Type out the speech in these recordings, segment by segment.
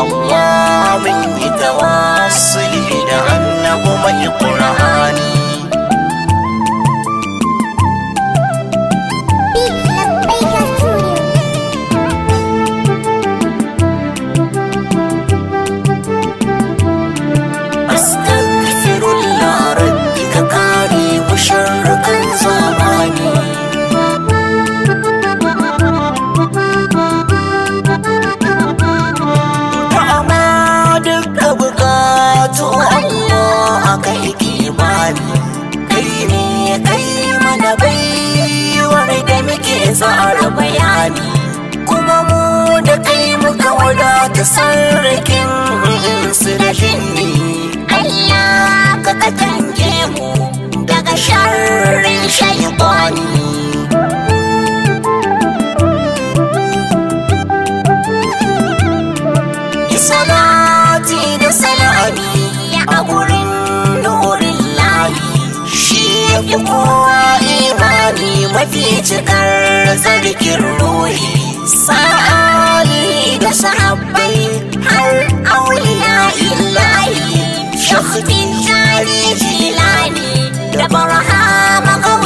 Allah mun yi tawassuli da mai Qur'ani sarkin su da shinni Allah ka katange mu daga sharrin shaitani Salati da salami a gurin nurin layi shi yake kowa imani mafi cikar tsarkin ruhi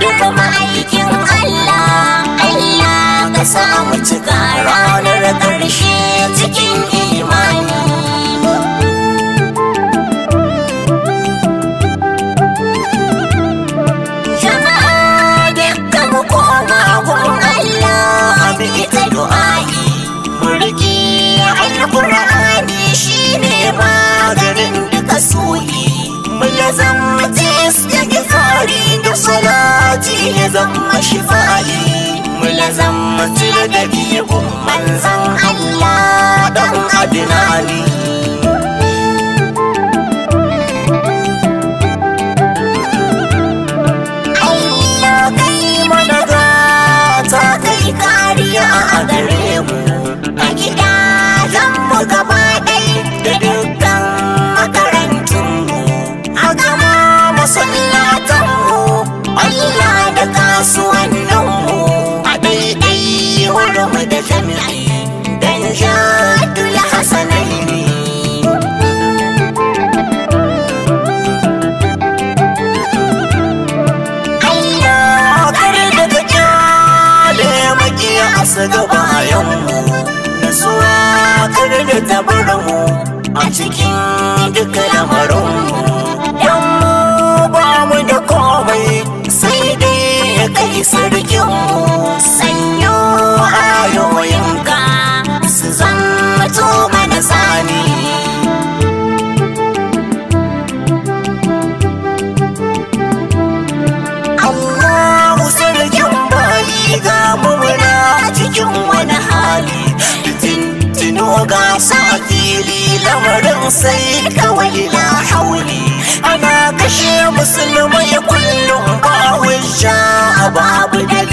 duba ma'aikin Allah Allah ka sa mu cika ranar ƙarshe cikin ya kai sayyidina ali kariya a gare mu a gida zan mu gaba ɗai da dukkan makarantun mu a gama masallatan mu Allah da kasuwanni nesa gaba yau nasuwa kar da tabarin hankali lamarin sai kawai na hauli ana kashe musulmai kullum ba hujja babu dai